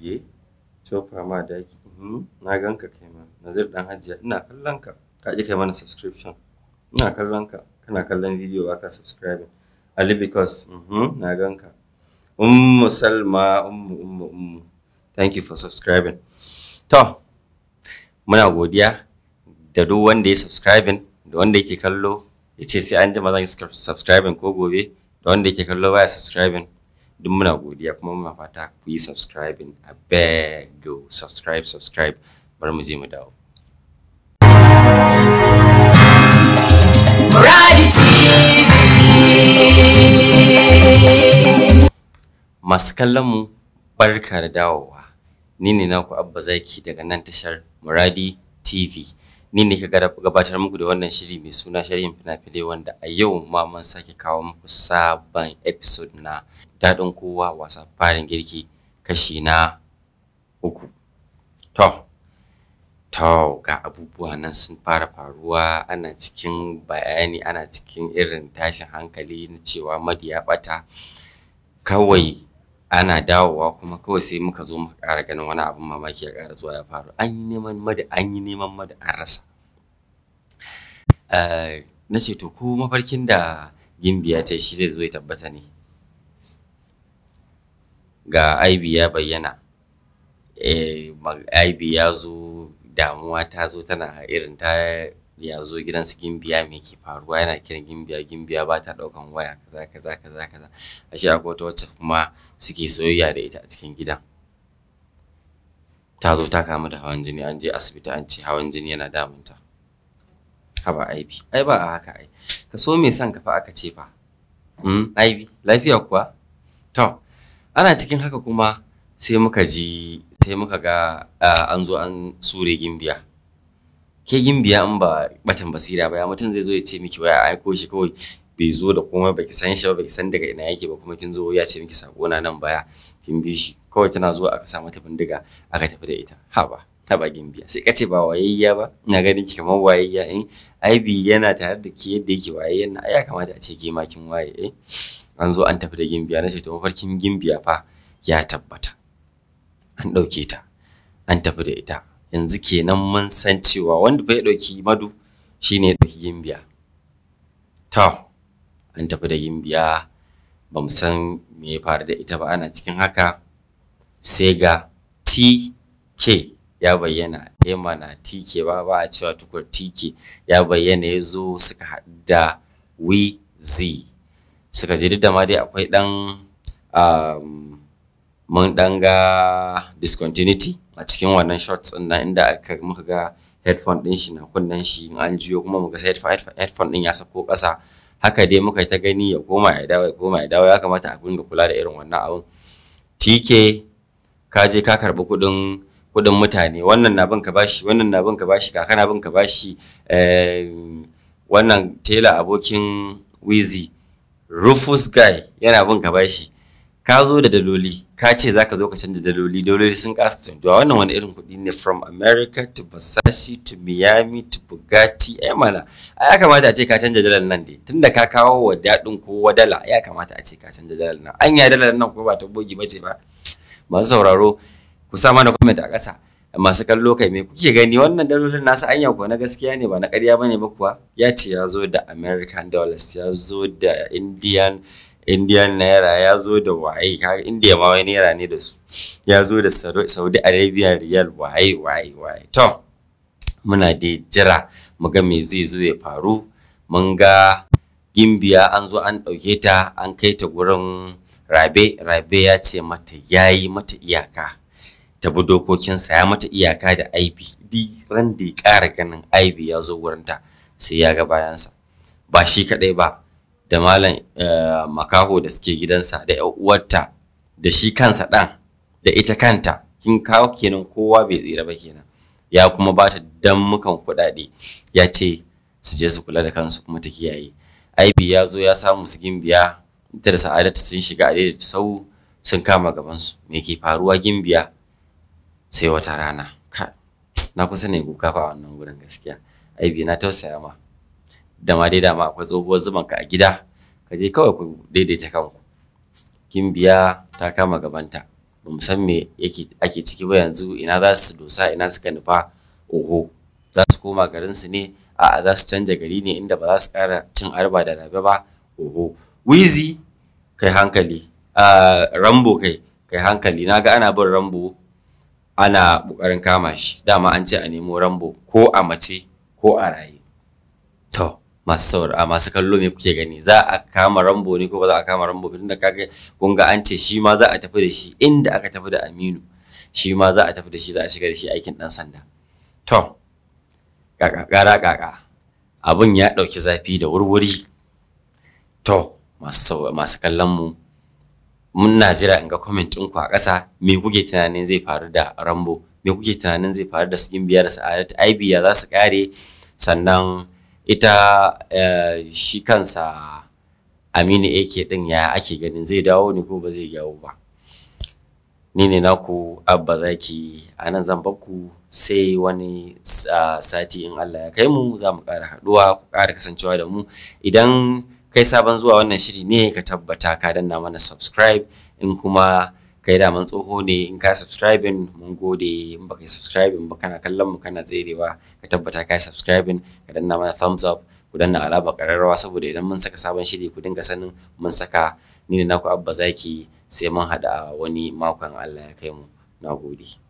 Aliye, Tofa ma da yake mm-hmm. na ganka kai ma, Nazir dan Hajiya, ina kallon ka, ka ji kai mana subscription, ina kallon ka, kana kallon video ba ka subscribe Ali because, mm-hmm, na ganka. Ummu Salma, ummu, ummu, ummu, thank you for subscribing. To, muna godiya da duk wanda ya subscribe da wanda yake kallo, ya ce sai an jima zan subscribe ko gobe, da wanda yake kallo baya subscribing. duk muna godiya kuma muna fata ku yi subscribing a beg go subscribe subscribe bar mu je mu dawo masu kallon mu barka da dawowa ni ne naku abba zaki daga nan tashar muradi tv ni ne ka gabatar muku da wannan shiri mai suna sharhin fina-finai wanda a yau ma mun sake kawo muku sabon episode na daɗin kowa wasa farin girki kashi na uku. To, to ga abubuwa nan sun fara faruwa ana cikin bayani ana cikin irin tashin hankali na cewa madi ya ɓata kawai ana dawowa kuma kawai sai muka zo muka ƙara ganin wani abin mamaki ya ƙara zuwa ya faru an yi neman mada an yi neman mada an rasa eh, na ce to ko mafarkin da gimbiya ta shi zai zo ya tabbata ne ga aibi ya bayyana eh, aibi ya zo damuwa ta zo tana irin ta ya zo gidan su gimbiya me ke faruwa yana kiran gimbiya gimbiya ba ta daukan waya kaza kaza kaza kaza ashe akwai wata wacce kuma suke soyayya da ita a cikin gidan ta zo ta kamu da hawan jini an je asibiti an ce hawan jini yana damunta haba aibi ai ba a haka ai ka so me san ka fa aka ce fa mm aibi lafiya kuwa to ana cikin haka kuma sai muka ji sai muka ga ah, an zo an sure gimbiya ke gimbiya in ba batan basira ba ya mutum zai zo ya ce miki waya ko shi kawai bai zo da komai baki san shi ba baki san daga ina yake ba kuma kin zo ya ce miki sako na nan baya kin bi shi kawai tana zuwa aka samu ta bindiga aka tafi da ita ha ba ta bakin biya sai kace ba wayayya ba ina ganin ki kamar wayayya ai eh? bi yana tare da ki yadda yake wayayya na ya kamata a ce ke ma kin waye eh an zo an tafi da gimbiya na sai to mafarkin gimbiya fa ya tabbata an ɗauke ta an tafi da ita yanzu kenan mun san cewa wanda bai ɗauki madu shine ya ɗauki gimbiya to an tafi da gimbiya ba mu san me ya faru da ita ba ana cikin haka sai ga tk ya bayyana ema eh mana tk ba ba a cewa tukur tk ya bayyana ya zo suka haɗu da wz suka je duk da ma dai akwai ɗan um, mun dan ga discontinuity a cikin wannan shorts din nan inda aka muka ga headphone din shi na kunnen shi an jiyo kuma muka sai headphone din ya sako ƙasa haka dai muka ta gani ya koma ya dawo ya koma ya dawo ya kamata a dinga kula da irin wannan abun TK ka je ka karbi kuɗin kudin mutane wannan na bin ka bashi wannan na bin ka bashi kaka na bin ka bashi eh, wannan tela abokin Wizi Rufus Guy yana bin ka bashi ka zo da daloli ka ce za ka zo ka canza daloli daloli sun kasa canjuwa wannan wani irin kuɗi ne from america to versace to miami to bugatti ai mana ai ya kamata a ce ka canza dalar nan dai tunda ka kawo wa daɗin kowa dala ya kamata a ce ka canza dalar nan an ya dalar nan kuma ba ta bogi ba ce ba masu sauraro ku sa mana comment a ƙasa masu kallo kai me kuke gani wannan dalolin nasu anya ko na gaskiya ne ba na ƙarya ne ba kuwa ya ce ya zo da american dollars ya zo da indian indian naira ya zo da waye kaga india ma wai naira ne da su ya zo da saudi arabia riyal waye waye waye to muna dai jira mu ga me zai zo ya faru mun ga gimbiya an zo an ɗauke ta an kai ta gurin rabe rabe ya ce mata ya yi mata iyaka ta bi dokokinsa ya mata iyaka da aibi di ran da ya ƙara ganin ib ya zo wurinta sai ya ga bayansa ba shi kaɗai ba da malam eh, makaho da suke gidansa da yan uwarta da shi kansa ɗan da ita kanta kin kawo kenan kowa bai tsira ba kenan ya kuma ba ta dammukan kuɗaɗe ya ce su je su kula da kansu kuma ta kiyaye aibi ya zo ya samu su gimbiya ita da sa'adatu sun shiga a da sau sun kama gabansu me ke faruwa gimbiya sai wata rana na kusa ne kuka fa wannan gurin gaskiya aibi na tausaya ma da ma dai dama akwai tsohuwar zuman ka a gida ka je kawai ku daidaita kanku kin biya ta kama gabanta ba mu san me yake ake ciki ba yanzu ina za su dosa ina suka nufa oho za su koma garin su ne a'a za su canja gari ne inda ba za su ƙara cin arba da rabe ba oho wizi kai hankali rambo kai kai hankali na ga ana bin rambo ana ƙoƙarin kama shi dama an ce a nemo rambo ko a mace ko a raye to masu saura masu kallo me kuke gani za a kama rambo ne ko ba za a kama rambo tunda kaga kun an ce shi ma za a tafi da shi inda aka tafi da Aminu shi ma za a tafi da shi za a shiga da shi aikin dan sanda to kaka gara kaka abun ya dauki zafi da wurwuri to masu masu kallon mu muna jira in ga comment ɗinku a ƙasa me kuke tunanin zai faru da rambo me kuke tunanin zai faru da skin biya da sa'adat aibiya za su kare sannan ita eh, shi kansa aminu ake din ya ake ganin zai dawo ne ko ba zai dawo ba ni ne naku abba zaki a nan zan ku sai wani ah, sati in allah ya kai mu za mu ƙara haɗuwa ku ƙara kasancewa da mu idan kai sabon zuwa wannan shiri ne ka tabbata ka danna mana subscribe in kuma kai daman tsoho ne in ka subscribing mun gode in baka subscribing ba kana kallon mu kana tserewa ka tabbata ka subscribing ka danna mana thumbs up ku danna alama kararrawa saboda idan mun saka sabon shiri ku dinga sanin mun saka ni ne naku abba zaki sai mun hada wani makon Allah ya kai mu nagode